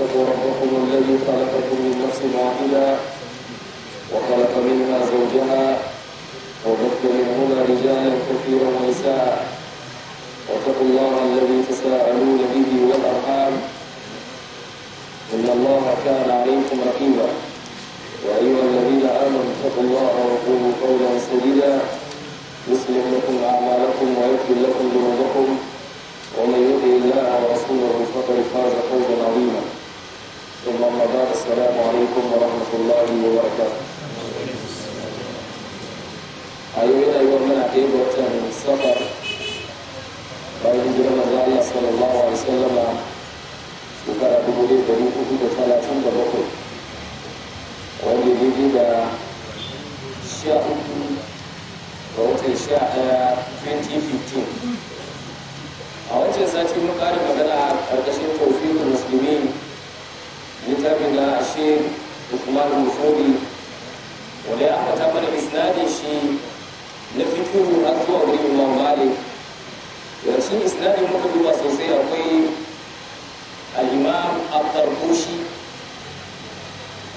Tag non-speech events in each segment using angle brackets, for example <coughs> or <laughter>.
اتقوا ربكم الذي خلقكم من نفس واحده وخلق منها زوجها وبث منهما رجالا كثيرا ونساء واتقوا الله الذي تساءلون به والارحام ان الله كان عليكم رقيبا يا ايها الذين امنوا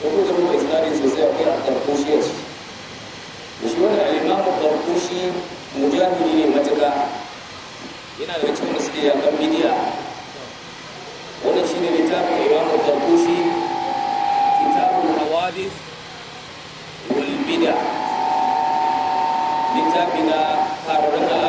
وهو زمو إثنان سوزي أكي الدرقوشي وشيوان الإمام الدرقوشي مجاهدين لمتكا Ina da cikin da suke yakan bidiya wannan shine littafin imam al-darqushi kitabul hawadith wal littafin da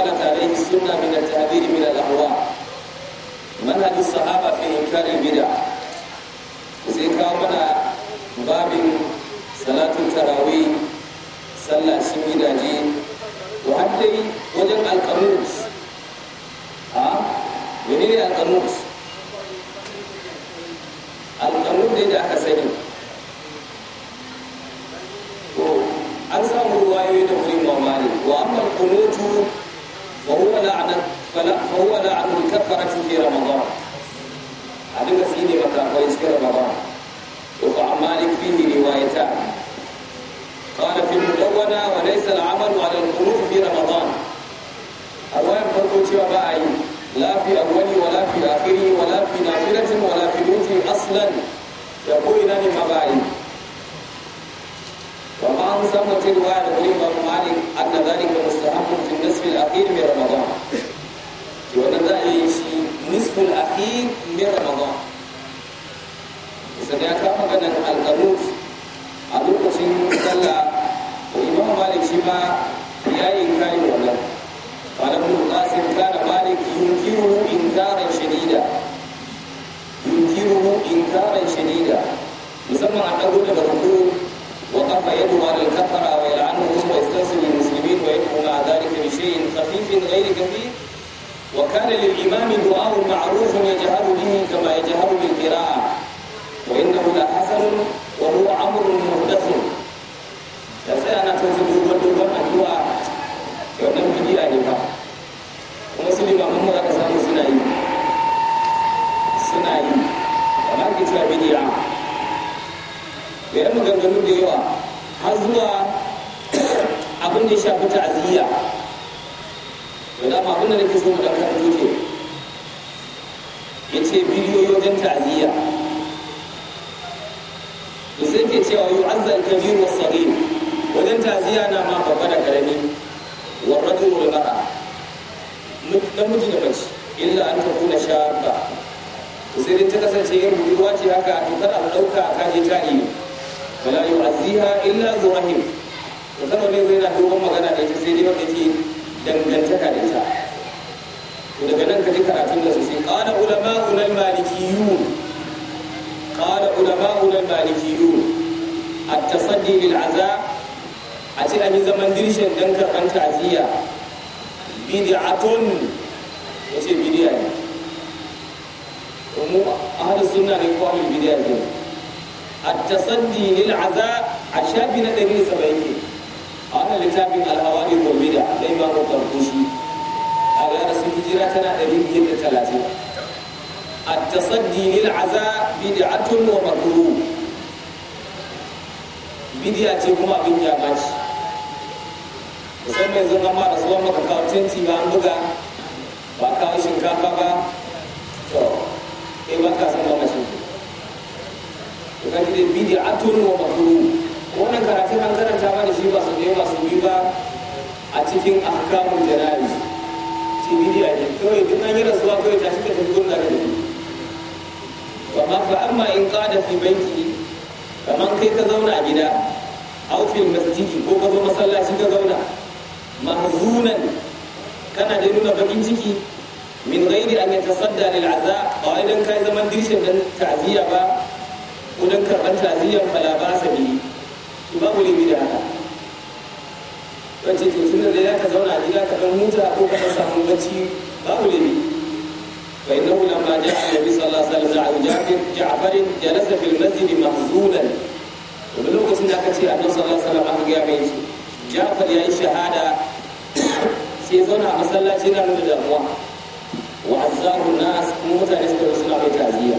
اشتملت عليه السنه من التحذير من الأهواء منهج الصحابه في انكار البدع سيكاونا باب صلاه التراويح صلى سمينا خرجوا في رمضان هذا فيه مكان كويس في رمضان وفعن مالك فيه روايتان قال في المدونة وليس العمل على القلوب في رمضان أولا فرقوا تيوى بأي لا في أولي ولا في آخره ولا في نافلة ولا في الوتر أصلا يقول إنني مباعي وما أنسمت الرواية لإمام مالك أن ذلك مستحب في النصف الأخير من رمضان النصف الأخير من رمضان إذا كم مغنى القنوت أدوك سن صلى وإمام مالك شما يأي كاي ولا قال ابن القاسم كان مالك ينكره إنكارا شديدا ينكره إنكارا شديدا مسمى أقول بركو وقف يده على الكفرة ويلعنهم ويستنصر المسلمين ويدعو مع ذلك بشيء خفيف غير كثير وكان للإمام دعاء معروف يجهر به كما يجهر بالقراءة وإنه لحسن وهو أمر محدث da sai ana ta zubi wadda addu'a yau dan bidiya ne ba kuma su limamin mu aka samu suna yi suna yi amma ake cewa bidiya da yawa har zuwa abin da shafi ta'aziyya to da ma abin da nake so mu dauka da ke yace bidiyoyi wajen ta'aziyya to sai ke cewa yu'azza al-kabir wa saghir wajen ta'aziyya na ma babba da karami wa rajul wal mar'a namiji da mace illa an takuna shabba sai dai ta kasance yin budurwa ce haka a kada mu dauka ka je ta ne wala yu'azziha illa zuhim to kada ne zai na dogon magana da ita sai dai wanda yake dangantaka da ita to daga nan ka ji karatun da sai qala ulama ulal malikiyun qala ulama ulal malikiyun at-tasaddi lil aza a ce an yi zaman dirshin dan karban ta'ziya bid'atun yace bid'a ne mu hada sunna ne ko ahlul bid'a ne at-tasaddi lil aza a shafi na 170 Ana littafin alhawa ne gobe da ba mu al shi a ranar sun hijira tana ɗari biyar da talatin التصدي للعزاء بدعة ومكروه بدعة كما بن جامعش musamman yanzu an da tsohon maka kawo tenti ba an buga ba kawo shinkafa ba to eh ba ka san ba mashin to kaji dai bid'atun wa makuru. wannan karatun an karanta mana shi ba su da yawa su biyu ba a cikin ahkamul jana'iz shi bidiya ne kawai duk an yi rasuwa kawai tashi ka tafi gurna da ni amma fa amma in qada fi baiti Kamar kai ka zauna a gida aw fi masjidi ko ka zo masallaci ka zauna mahzunan kana da nuna bakin ciki min ghairi an yatasadda lil aza ba wai kai zaman dirshin dan ta'ziya ba ko dan karban ta'ziyan fala ba sabi babu ne da haka wacce to tunan da ka zauna a gida ka dan huta ko ka dan samu bacci babu na fa innahu lamma ja'a annabi sallallahu alaihi wasallam ja'u ja'far jalasa fil masjid mahzunan wani lokacin da aka ce annabi sallallahu alaihi wasallam aka ga mai Ja'far yi shahada sai zauna a masallaci na nuna damuwa wa azzahu nas mutane suka suna mai taziya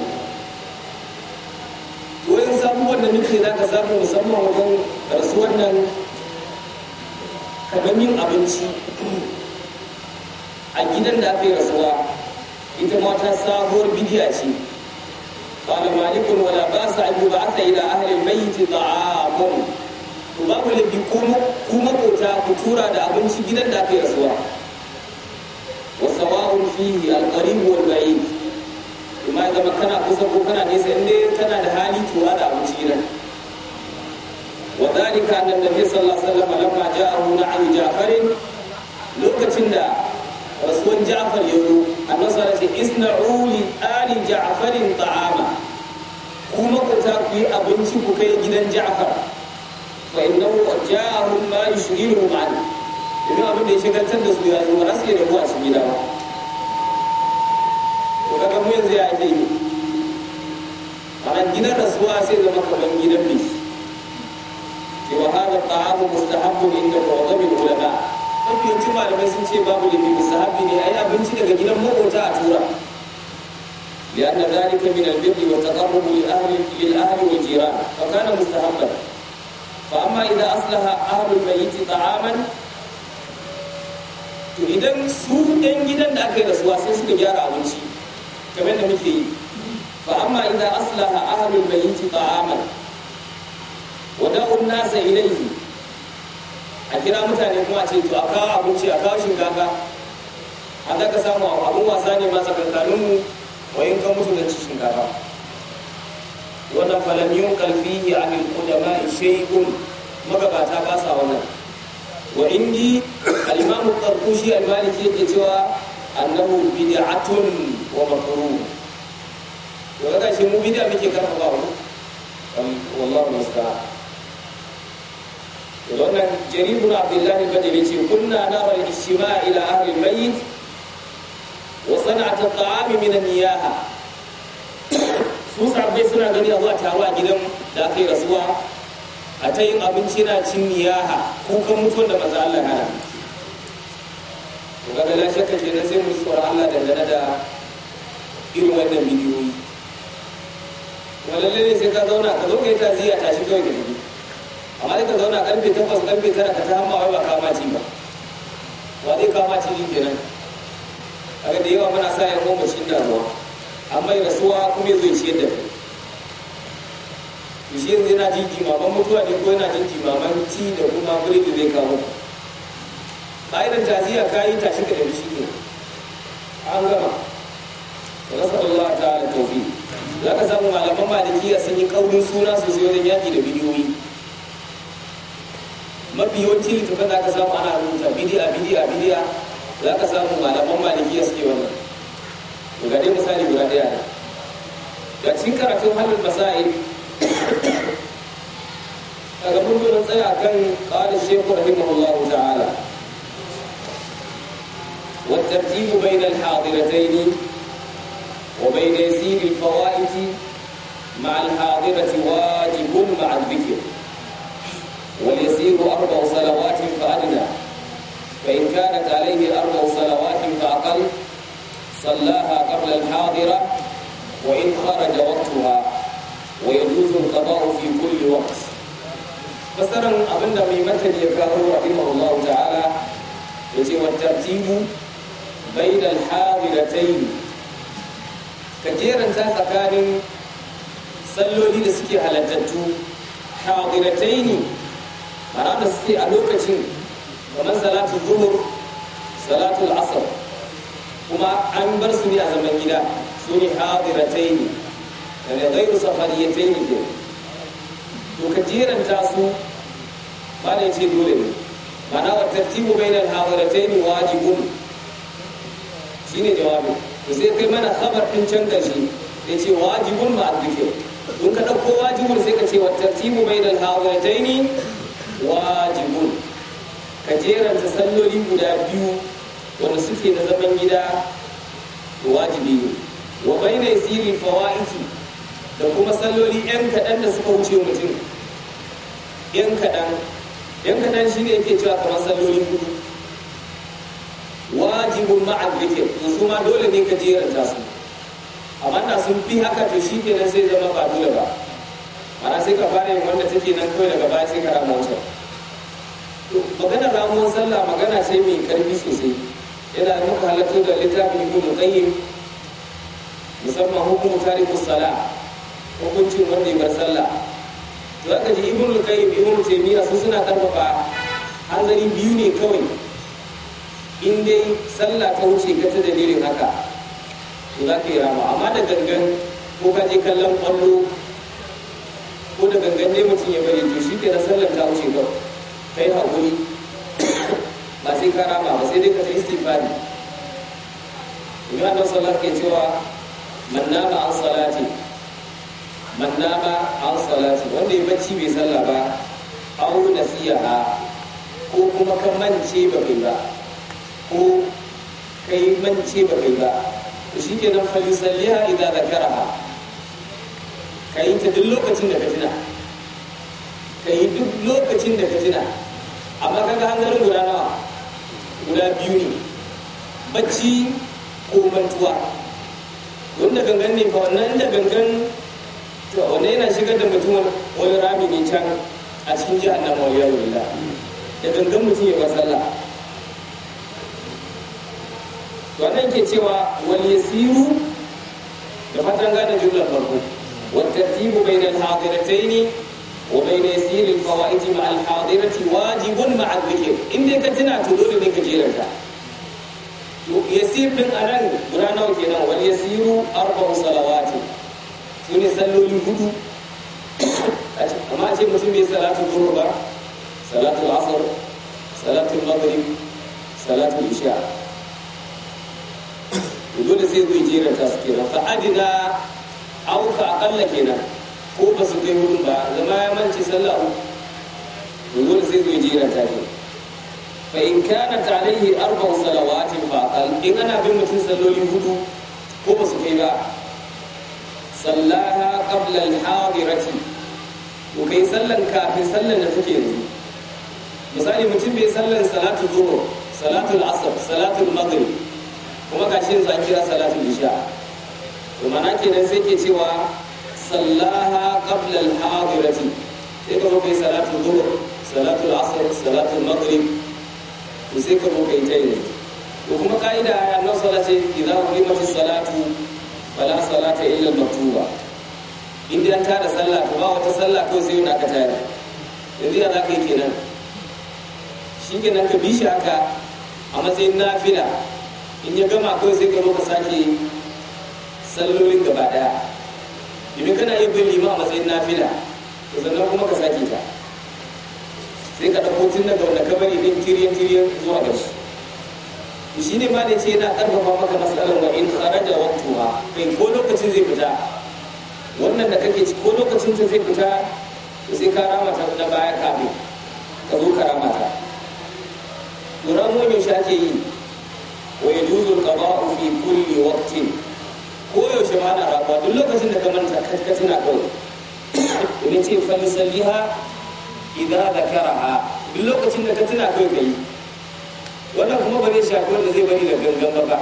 wannan minti za ka samu musamman wajen rasuwar nan kamar yin abinci a gidan da aka yi rasuwa ita ma sabuwar bidiya ce ba da malikun wala ba sa an yuba asa ila ahli albayt ta'amun to babu labi kuma ku kota ku makota ku tura da abinci gidan da aka yi rasuwa wa sawa'un fihi alqarib wal zama kana kusa ko kana nesa inda kana da hali tuwa da abinci gidan wa zalika annan nabi sallallahu alaihi wasallam lamma ja'ahu na'yu ja'far lokacin da rasuwan ja'far ya zo annabi sallallahu alaihi isna'u li ali ja'far ta'ama kuma ku ta ku yi abinci ku kai gidan ja'far fa innahu ja'ahum ma yushghiluhum an idan abin da ya shagaltar da su ya zo ba za su iya rabuwa su gida ba mu zai ya ake yi a gidan rasuwa sai zama kamar gidan biki cewa hada ta'amu mustahabbun inda qawmin ulama mafi malamai sun ce babu da mustahabbi ne ayi abinci daga gidan makota a tura لأن ذلك من البر والتقرب لأهل للأهل والجيران فكان مستحبا فأما إذا أصلح أهل الميت طعاما to idan su dan gidan da aka yi rasuwa sai suka gyara abinci game da muke yi fa amma idza aslaha ahlul bayti ta'aman wa da'u an-nasa ilayhi a kira mutane kuma a ce to a kawo abinci a kawo shinkafa a za ka samu abun wasa ne ma tsakankaninmu wa in ka mutu da ci shinkafa wannan falam yun kalfihi an al-qudama shay'un magabata ba sa wannan wa indi al-imam al-qarqushi al-maliki yake cewa annahu bid'atun wa makruh to kaga mu bid'a muke karfafa mu wallahu musta'an wannan jarir bin abdullahi badri ce kunna nara al-ijtima ila ahli al-mayyit wa bai? niyaha su suna gani a zuwa taro a gidan da aka yi rasuwa a ta yin abinci na cin niyaha kukan mutuwar da maza Allah to kaga la shakka kenan sai mu tsoron Allah dangane da irin wannan bidiyoyi kuma lalle ne sai ka zauna ka zo ka yi taziya tashi kawai ka tafi amma sai ka zauna karfe takwas karfe tara ka ta hamma wai ba kama ci ba ba zai kama ci din kenan kaga da yawa muna sa ya koma shi da ruwa amma ya rasuwa kuma ya zo ya ciyar da kai shi yanzu yana jin jimaman mutuwa ne ko yana jin jimaman ci da kuma birni zai kawo ƙa'idar taziya ka yi tashi ka yanci ne an gama da nasar Allah ta ala taufi za ka samu malaman malikiya sun yi ƙaurin suna sosai wajen yaƙi da bidiyoyi mafi yawanci littafin da ka samu ana rubuta bidiya bidiya bidiya za ka samu malaman malikiya suke wannan ga dai misali guda ɗaya ne ga cikin karatun halin masa'il daga mun tsaya kan ƙalin shekwa rahimahullahu والترتيب بين الحاضرتين وبين يسير الفوائد مع الحاضرة واجب مع الذكر واليسير أربع صلوات فأدنى فإن كانت عليه أربع صلوات فأقل صلاها قبل الحاضرة وإن خرج وقتها ويجوز القضاء في كل وقت فسرا أبن ميمة يكاهو رحمه الله تعالى يتم الترتيب bainal hadiratayn ka jeranta tsakanin salloli da suke halattattu hadiratayn ma'ana da suke a lokacin kamar salatul zuhur salatul asr kuma an bar su ne a zaman gida su ne hadiratayn da ghairu safariyatayn to ka jeranta su ba da ya ce dole ne ma'ana wa tartibu bainal hadiratayn wajibun shine jawabi to sai kai mana khabar din can Ya ce wajibun ma addike in ka ɗauko wajibun sai ka ce wa tartibu bainal ne wajibun ka jeranta salloli guda biyu wanda suke na zaman gida wajibi ne wa bainai sirri fawaiti da kuma salloli yan kaɗan da suka wuce mutum yan kaɗan yan kaɗan shine yake cewa kamar salloli hudu wajibun ma'al dhikr to su ma dole ne ka jiranta su amma da sun fi haka to shi ke nan sai zama ba dole ba ana sai ka fara yin wanda take nan kawai daga baya sai ka rama wancan maganar ramuwar sallah magana ce mai karfi sosai yana muka halatto da littafin ibn qayyim musamman hukum tariku sala hukuncin wanda ya bar sallah to aka ji ibn qayyim ibn taymiya su suna karfafa hanzari biyu ne kawai in dai sallah ta wuce ka ta dalilin haka to za ka yi rama amma da gangan ko ka je kallon kwallo ko da gangan ne mutum ya bari to shi ke na sallar ta wuce ka ka yi haƙuri <coughs> ba sai ka rama ba sai dai ka ta istighfari domin annabi sallallahu ke cewa manna nama an salati manna nama an salati wanda ya bacci bai sallah ba au nasiya ko kuma ka mance ba kai ba ko kai mance ba kai ba to shi kenan falisalliya idan ha ka yi ta duk lokacin da ka tuna ka yi duk lokacin da ka tuna amma kaga hanzarin guda nawa guda biyu ne bacci ko mantuwa wanda gangan ne ba wannan da gangan to wannan yana shigar da mutum wani rami ne can a cikin jihar nan mawuyar da gangan mutum ya masalla wannan ke cewa wal yasiru da fatan gane jumlar farko wat tartibu bainal hadiratayn wa bain yasir al fawaid ma al hadirati wajibun ma al dhikr inda ka tuna to dole ne ka jeranta to yasir din nan guda nawa ke nan wal yasiru arba'u salawati ne salloli hudu amma ce mutum bai salatu zuhur ba salatu asr salatu maghrib salatu isha to dole sai zai jeran ta su kenan fa adina aw fa aqalla kenan ko ba su kai wurin ba zama ya mance sallah uku to dole sai zai jeran ta kenan fa in kana alaihi arba'u salawatin fa aqal in ana bin mutum salloli hudu ko ba su kai ba sallaha qabla al-hadirati to kai sallan kafin sallan da take yanzu misali mutum bai sallan salatul zuhr salatul asr salatul maghrib kuma ka shi yanzu kira salatul isha to mana kenan sai ke cewa sallaha qabla al-hadirati sai ka kai salatul dhuhr salatul asr salatu maghrib to sai ka kai ta ne. to kuma kaida ya nan salati idza qimati salatu fala salata illa al-maktuba inda an tara sallah to ba wata sallah ko sai wani aka tayar yanzu ya za ka yi kenan shi kenan ka bi shi haka a matsayin nafila in ya gama kawai sai ka ka sake sallolin gaba daya domin kana iya bin lima a matsayin nafila to sannan kuma ka sake ta sai ka ɗauko tun daga wanda ka bari din tiriyar zuwa ga shi shi ne ma da ce yana ƙarfafa maka matsalar wa in kharaja waqtuha kai ko lokacin zai fita wannan da kake ko lokacin ta zai fita sai ka rama ta na baya kafin ka zo ka rama ta. Ƙura mu yaushe ake yi wa yajuzu al-qada'u fi kulli waqtin ko yaushe ma ana rabuwa duk lokacin da ka manta ka tuna kawai domin ce falisalliha idan zakaraha duk lokacin da ka tuna kawai kai wannan kuma ba zai shafi wanda zai bari da gangan ba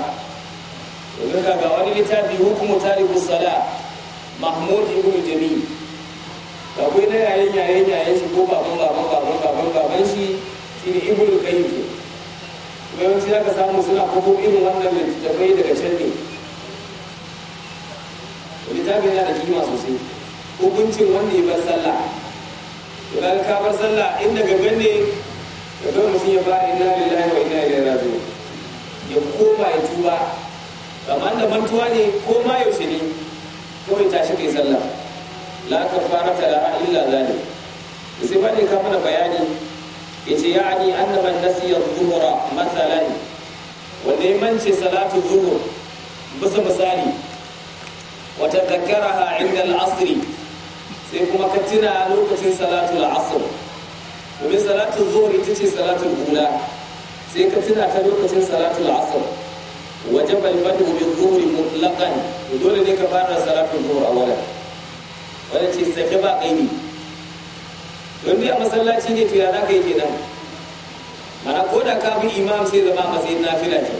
domin ka wani littafi hukumu tarikus sala mahmud ibn jami akwai na yayin yayin shi ko baban baban baban baban baban shi shine ibn qayyim yawanci za ka samu suna kuma irin wannan littattafai daga can ne littafin yana da kima sosai hukuncin wanda ya bar sallah to bayan ka bar sallah inda gaba ne da kawai mutum ya fara ina lillahi wa ina ilaihi raji'un ya koma ya tuba amma da mantuwa ne ko ma yaushe ne kawai tashi kai sallah la kafarata laha illa zalik sai ba ne ka mana bayani yace ya'ani anna man nasiya dhuhra mathalan wanda ya mance salatu dhuhr bisa misali Wata wa ha 'inda al-'asr sai kuma ka tuna lokacin salatu al-'asr domin salatu dhuhr ita ce salatu al sai ka tuna ta lokacin salatu al-'asr wajaba al-bad'u bi-dhuhr mutlaqan dole ne ka fara salatu a awalan wannan ce sai ba kaini don biya masallaci ne to ya za ka yi kenan mana ko da ka bi imam sai zama a na fila ne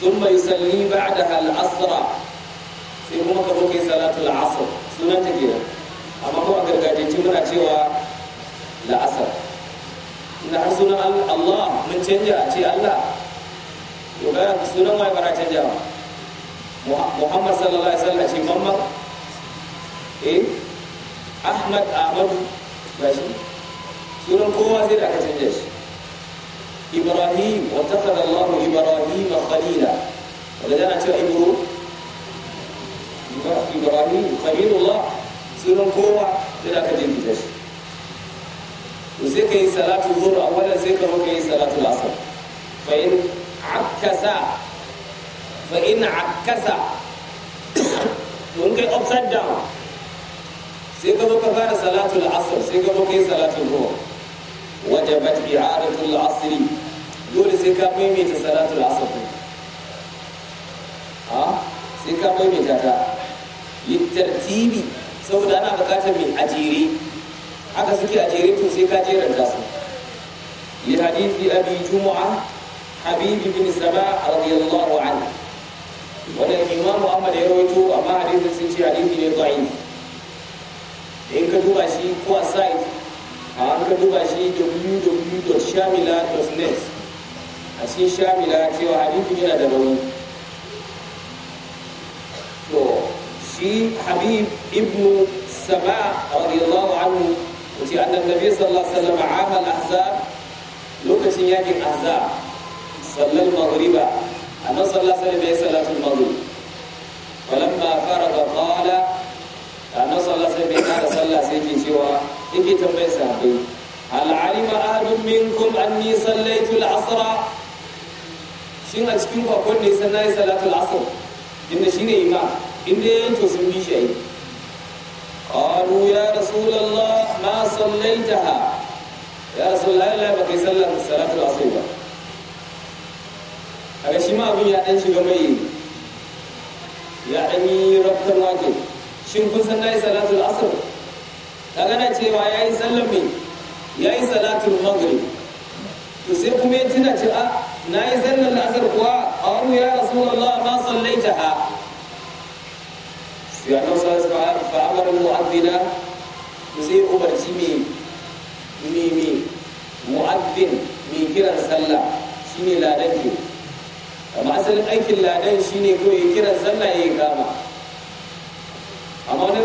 sun mai salli ba da al'asra sai kuma ka kai salatu la'asar sunan ta kenan amma ko a gargajiyanci muna cewa la'asar inda har sunan Allah mun canja a ce Allah to ga sunan wai bara canja Muhammad sallallahu alaihi wasallam ce mamman eh Ahmad Ahmadu ماشي سنن قوة سير أكتنجش إبراهيم واتخذ الله إبراهيم خليلا ولدنا أتوى إبرو إبراهيم خليل الله سنن قوة سير أكتنجش وزيك صلاة الظهر أولا زيك وكي صلاة العصر فإن عكس فإن عكس <coughs> ممكن أبسط down sai ka zo ka fara salatul asr sai ka zo ka yi salatul ruwa wajabat i'adatul asri dole sai ka maimaita salatul asr ha sai ka maimaita ta littartibi saboda ana bukatar mai ajere haka suke ajere to sai ka jeranta su li hadisi abi jumu'a حبيب بن سباء رضي الله عنه وده الإمام أحمد يرويته أما حديث سنتي حديث ضعيف in ka duba shi ko a site a an ka duba shi www.shamila.net a cikin shamila cewa hadithin yana da rauni to shi habib ibnu saba radiyallahu anhu wuce annan nabi sallallahu alaihi wasallam amal ahzab lokacin yakin ahzab sallal maghriba annan sallallahu alaihi wasallam ya salatu maghrib falamma faraga qala ranar sallah sai bai kara sallah sai ke cewa yake tambayar sahabbai al'alima ahadun an anni sallaitu al'asra shin a cikin kwakwan ne sai nayi salatul asr inda shi ne imam inda yayin to sun bi shi qalu ya rasulullah ma sallaitaha ya rasulullah la ba kai sallar salatul asr ba kaga shi ma abin ya dan shiga mai ya dan yi rabtar wake shin kun san nayi salatul asr kaga na cewa yayi sallar me yayi salatul maghrib to sai kuma ya tuna cewa ah, nayi sallar asr kuwa A qalu ya rasulullah ma sallaitaha sai annabi sallallahu alaihi wasallam fa amara mu'adhdhina sai umarci me me me mu'adhdhin me kiran sallah shine ladan ke amma asalin aikin ladan shine kawai kiran sallah yayi kama amma wani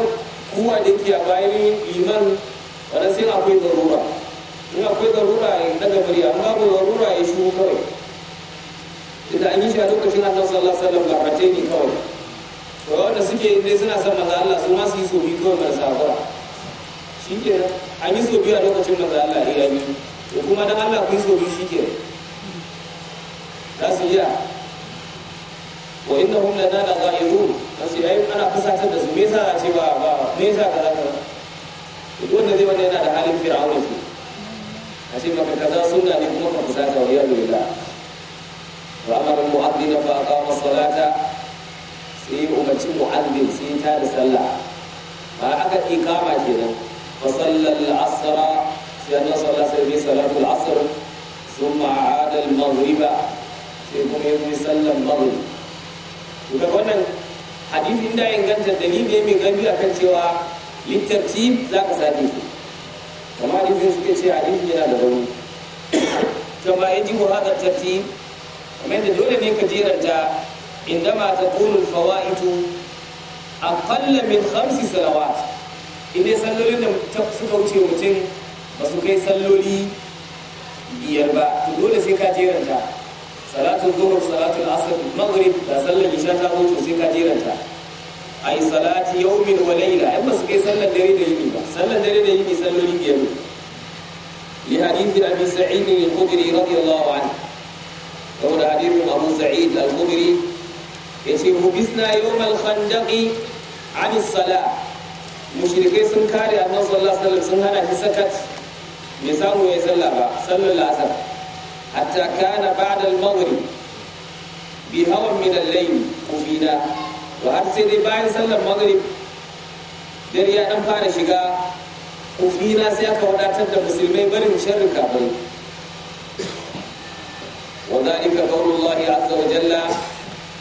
kuwa da ke a bayan liman wani sai akwai zarura in akwai zarura ya daga murya an babu zarura ya shigo kawai inda an yi shi a lokacin annabi sallallahu alaihi wasallam gabatai ne kawai to wanda suke dai suna son maza Allah su ma su yi so kawai marasa hakura shi ke an yi so a lokacin maza Allah ya eh, yi to kuma dan Allah kun so sobi shi ke za su iya wa innahum lana la ghairun sai ai ana fasata da su me yasa a ce ba ba me yasa ka za ka duk wanda zai wanda yana da halin fir'auna ne a ce maka kaza sunna ne kuma ka fusata wa yallo ila wa amara mu'adhdhin fa aqama salata sai umarci mu'adhdhin sai ta da sallah ba aka ikama kenan fa sallal asra sai annabi sallallahu alaihi wasallam salatul asr ثم عاد المغرب sai kuma ya yi sallan maghrib to wannan hadisin da inganta dalili ya min gani akan cewa littarci za ka sake su kuma hadisin suke ce hadisin yana da rauni ba ya ji wahadar tarti kamar yadda dole ne ka jiranta inda ma ta ito. fawa'itu aqalla min hamsi salawat inda sallolin da suka wuce mutum ba su kai salloli biyar ba to dole sai ka jiranta salatun zuhur salatun asr maghrib da sallar isha ta huce sai ka jiranta ai salati yawmin wa layla ai ba su kai sallar dare da yini ba sallar dare da yini salloli biyar ne li hadithi abi sa'id al-khudri radiyallahu anhu da hadithin abu sa'id al-khudri yace hubisna yawm al-khandaqi an as-salah mushrikai sun kare annabi sallallahu alaihi wasallam sun hana shi sakat bai samu ya sallah ba sallar asar حتى كان بعد المغرب بهوى من الليل قفينا وهر سيدي باين صلى المغرب dare ya dan fara shiga kufina sai aka wadatar da musulmai barin sharrin kafirai وذلك قول الله عز وجل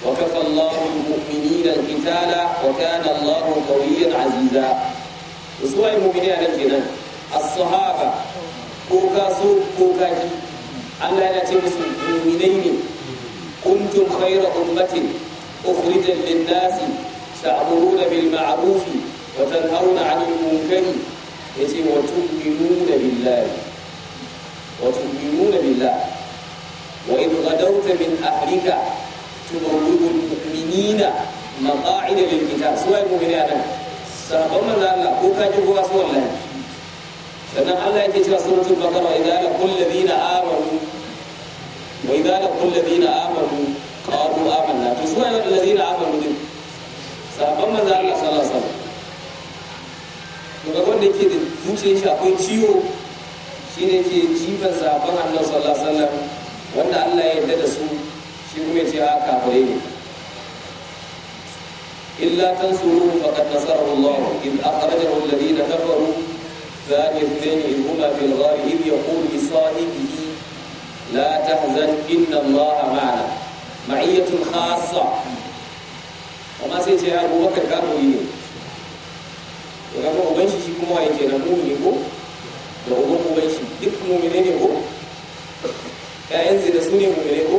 وكفى الله المؤمنين القتال وكان الله قويا عزيزا وسوى المؤمنين kenan as-sahaba ko ka so ko ka ji على رسول المؤمنين كنتم خير أمة أخرجا للناس تأمرون بالمعروف وتنهون عن المنكر وتؤمنون بالله وتؤمنون بالله وإن غدوت من أهلك تبوب المؤمنين مقاعد للكتاب سواء المؤمنين سأقوم الله الله كوكا جبوا الله sannan Allah yake cewa suratul baqara idza laqul ladina amanu wa idza laqul ladina amanu qalu amanna to suwa da ladina amanu din sabon manzo Allah sallallahu alaihi wasallam to ga wanda yake da zuciyar shi akwai ciwo shine ke jifan sabon Allah sallallahu alaihi wasallam wanda Allah ya yarda da su shi kuma yace a kafirai ne illa tansuruhu faqad nasarahu Allah in akhrajahu alladhina kafaru ثاني اثنين هما في الغار إذ يقول لصاحبه لا تحزن إن الله معنا معية خاصة وما سيتي أبو بكر كانوا إيه وكانوا أبنشي شي كما يجي نموني هو وأبن أبنشي دك مؤمنين هو كأنزل سوني مؤمنين هو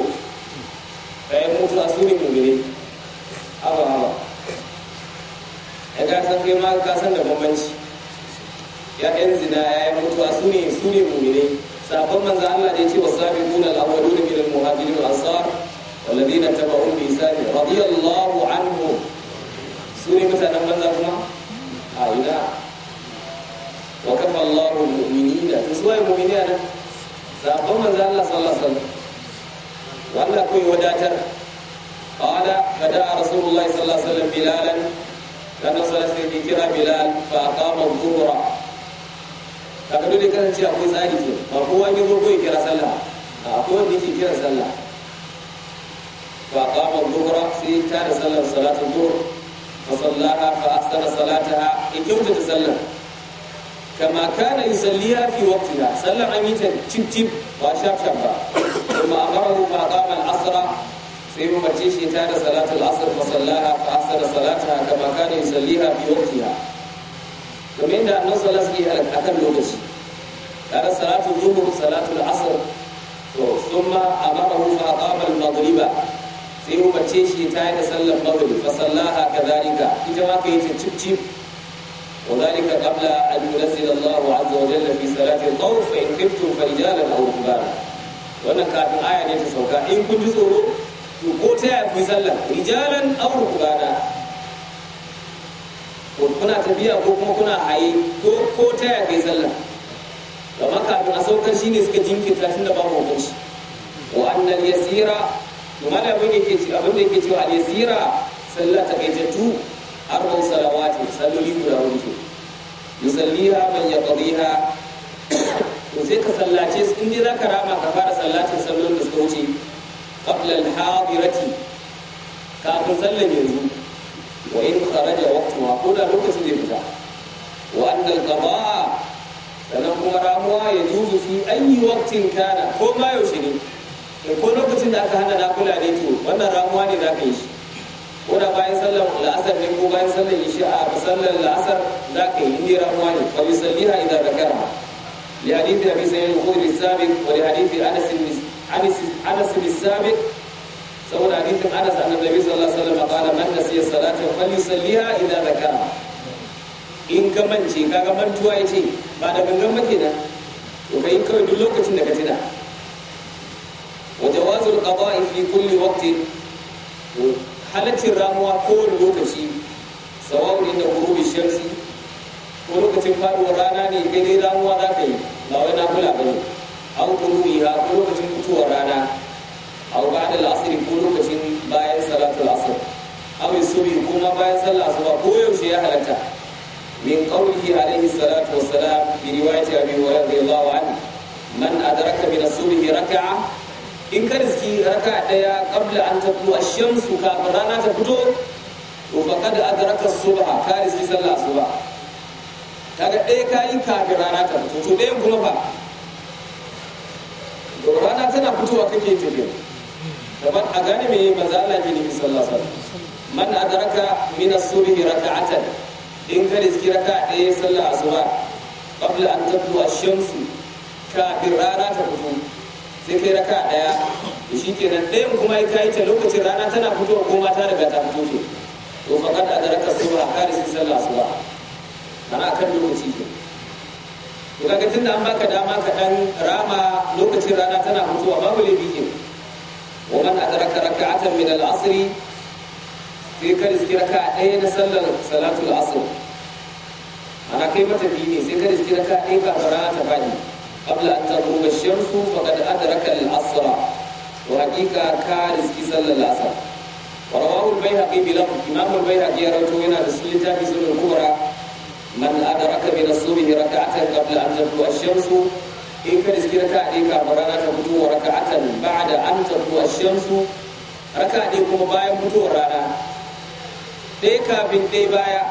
كأنموت سوني مؤمنين أبا أبا ya san kai ma ka san da bambanci ya yan zina ya yi mutuwa su ne su ne mu'minai sabon manzo Allah da ya ce wasabiquna al-awwaluna min al-muhajirin wal ansar والذين اتبعوهم بإحسان رضي الله عنهم سوري مثلا من لكم أعلى آه، وكفى الله المؤمنين تسوى المؤمنين سأقوم من ذا الله صلى الله عليه وسلم وأن كوي وداتر قال فدعا رسول الله صلى الله عليه وسلم بلالا كان صلى الله عليه وسلم بكرة بلال فأقام الظهر kaga dole ce akwai tsari ce. ba kowa ya zo ya kira sallah kowa wanda ke kira sallah fa qama dhuhra sai ta da sallar salatul dhuhr fa sallaha fa aksara salataha in kyauta ta sallar kama kana yusalliha fi waqtiha sallar an yi ta cip ba sha shaf ba kuma amarahu fa qama al-asra sai umarce shi ta da salatul asr fa sallaha fa aksara salataha kama kana yusalliha fi waqtiha kamar da annabi sallallahu alaihi yi a akan lokaci kaga salatu zuhur salatu al-asr to a amarahu fa aqama al-maghriba sai umarce shi ta yi da sallar maghrib fa sallaha kadhalika ita ma kai ta cip وذلك قبل أن ينزل الله عز وجل في صلاة الخوف فإن خفتم فرجالا أو ركبانا wannan kafin aya ne ta sauka in kun ji tsoro to ko ta yi sallar rijalan aw rukbana kuna tafiya ko kuma kuna haye ko ko ta ya kai sallah amma kafin a saukar shine suka jinkirta tun da babu hukunci wa annal yasira kuma da abin da yake ci abin da yake ci al yasira sallah ta kai jatu arba'u salawati salloli guda hudu yusalliha man yaqdiha <coughs> to sai ka sallace su inda zaka ka rama ka fara sallacin sallon da suka wuce qabla al hadirati kafin sallan yanzu wa in kharaja waqtuha ko da lokacin zai fita wa anna sannan kuma ramuwa ya juzu fi ayi waqtin kana ko ma yaushe ne ko lokacin da aka hana nakula ne to wannan ramuwa ne za ka ko da bayan sallar la'asar ne ko bayan sallar isha a sallar la'asar za ka yi indira ruwa saboda hadisin Anas annabi sallallahu alaihi wasallam qala man nasiya salatan falyusalliha idza zakara in ka mance kaga mantuwa yace ba da gangan ba kenan to kai kawai duk lokacin da ka tuna wa jawazul qada'i fi kulli waqtin halaccin ramuwa kowane lokaci sawa'un inda ghurubi shamsi ko lokacin faɗuwar rana ne kai dai ramuwa za ka yi ba wai na kula ba ne an kuruwi ha ko lokacin mutuwar rana aw ba'da al-asr ko lokacin bayan salatu asr aw subhi ko kuma bayan sallar asuba ko yaushe ya halatta min qawlihi alayhi salatu wassalam bi riwayati abi hurairah radiyallahu anhu man adraka min as-subhi rak'a in ka riski raka daya qabla an tatlu ash-shamsu kafin rana ta fito to faqad adraka as-subha ka riski sallar asuba kaga ka yi kafin rana ta fito to ɗayan kuma ba rana tana fitowa kake tafiya gaban a gane me manzo ala ke nufi sallallahu alaihi wasallam man adraka min as-subh raka'atan in ka riski raka ɗaya sallar asuba qabla an tabdu ash-shamsu kafin rana ta fito sai kai raka ɗaya shi kenan ɗayan kuma ya kai ta lokacin rana tana fitowa ko mata daga ta fito to to faqad adraka subha ka riski sallar asuba ana kan lokaci ke to kaga tunda an baka dama ka dan rama lokacin rana tana fitowa babu laifi kenan ومن أدرك ركعة من العصر في كرز ركعة أين سلم صلاة العصر أنا كيف تبيني في كرز ركعة أين كبرات بني قبل أن تغرب الشمس فقد أدرك العصر وحقيقة كارز صلى العصر ورواه البيهقي بلفظ إمام البيهقي يروي هنا بسلة بسنة الكبرى من أدرك من الصبح ركعة قبل أن تطلع الشمس in ka riski raka ɗaya kafin rana ta fito wa ba da an tabu ash-shamsu raka ɗaya kuma bayan fitowar rana ɗaya kafin ɗaya baya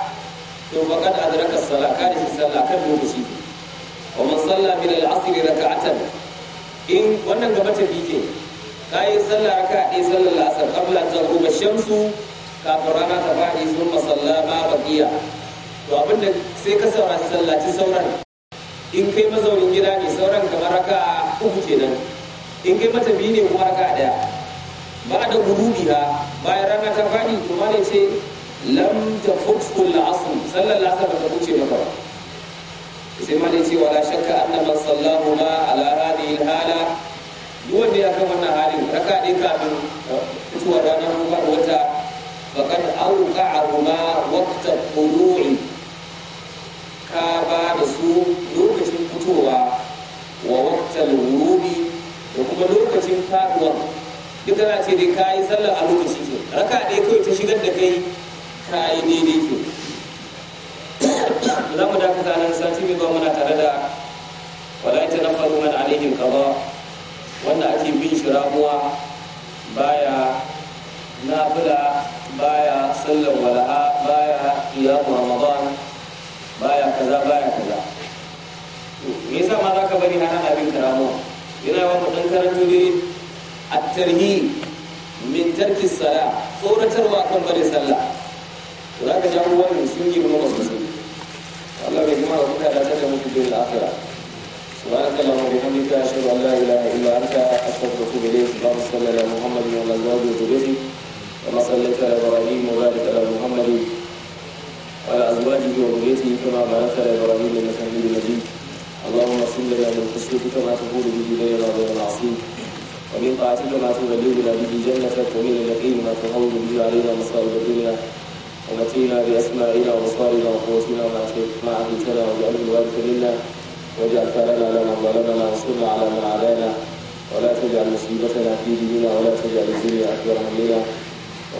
to ba ka da salat ka riski sallah kan lokaci wa man sallah min al-'asr raka'atan in wannan gaba ta ka yi sallah raka ɗaya sallar la'asar kabla ta an tabu ash-shamsu kafin rana ta faɗi sun masalla ma baqiya to abinda sai ka sallah ci sauran in kai mazaunin gida ne sauran kamar raka uku kenan in kai mata biyu ne kuma raka daya ba da biya bayan rana ta fadi kuma ne sai lam ta futkul asr sallar asr ta wuce ba sai ma ne cewa wala shakka anna sallahu ma ala hadhihi hala duwan da ya kama wannan halin raka dai kafin fitowar ranar rubar wata faqad a ma waqta qulu'i ka ba da su kuma lokacin faruwa duk ana ce dai kayi yi sallar a lokaci ke raka ɗaya kawai ta shigar da kai ka yi daidai ke za mu dakata nan sati mai ba muna tare da wala ta na faru mana alaihim kaba wanda ake bin shi ramuwa baya nafila baya sallar wala'a baya iyamu ramadan baya kaza baya kaza me yasa ma za ka bari hana abin karamuwa yana yawan mu dan karanto dai at-tarhi min tarki sala tsoratarwa kan bare sallah to za ka ji abubuwan sun yi mu masu sani Allah bai kuma ku kada ta da mutu bil akhirah سبحانك اللهم وبحمدك اشهد ان لا اله الا انت استغفرك اليك اللهم صل على محمد وعلى ازواجه وذريته كما صليت على ابراهيم وبارك على محمد وعلى ازواجه وذريته كما باركت على ابراهيم انك حميد مجيد لنا من خشيتك ما تقول به بيننا وبين معصيتك ومن طاعتك ما تبلغنا به جنتك ومن اليقين ما تهون به علينا مصائب الدنيا ومتينا باسمائنا وابصارنا وقوتنا ما اهلتنا واجعله الوارث منا واجعل فعلنا على من ظلمنا وانصرنا على من عادانا ولا تجعل مصيبتنا في ديننا ولا تجعل الدنيا اكبر همنا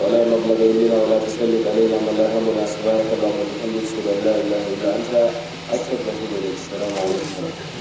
ولا مبلغ الينا ولا تسلط علينا من لا همنا سبحانك اللهم وبحمدك اشهد ان لا اله الا انت استغفرك السلام عليكم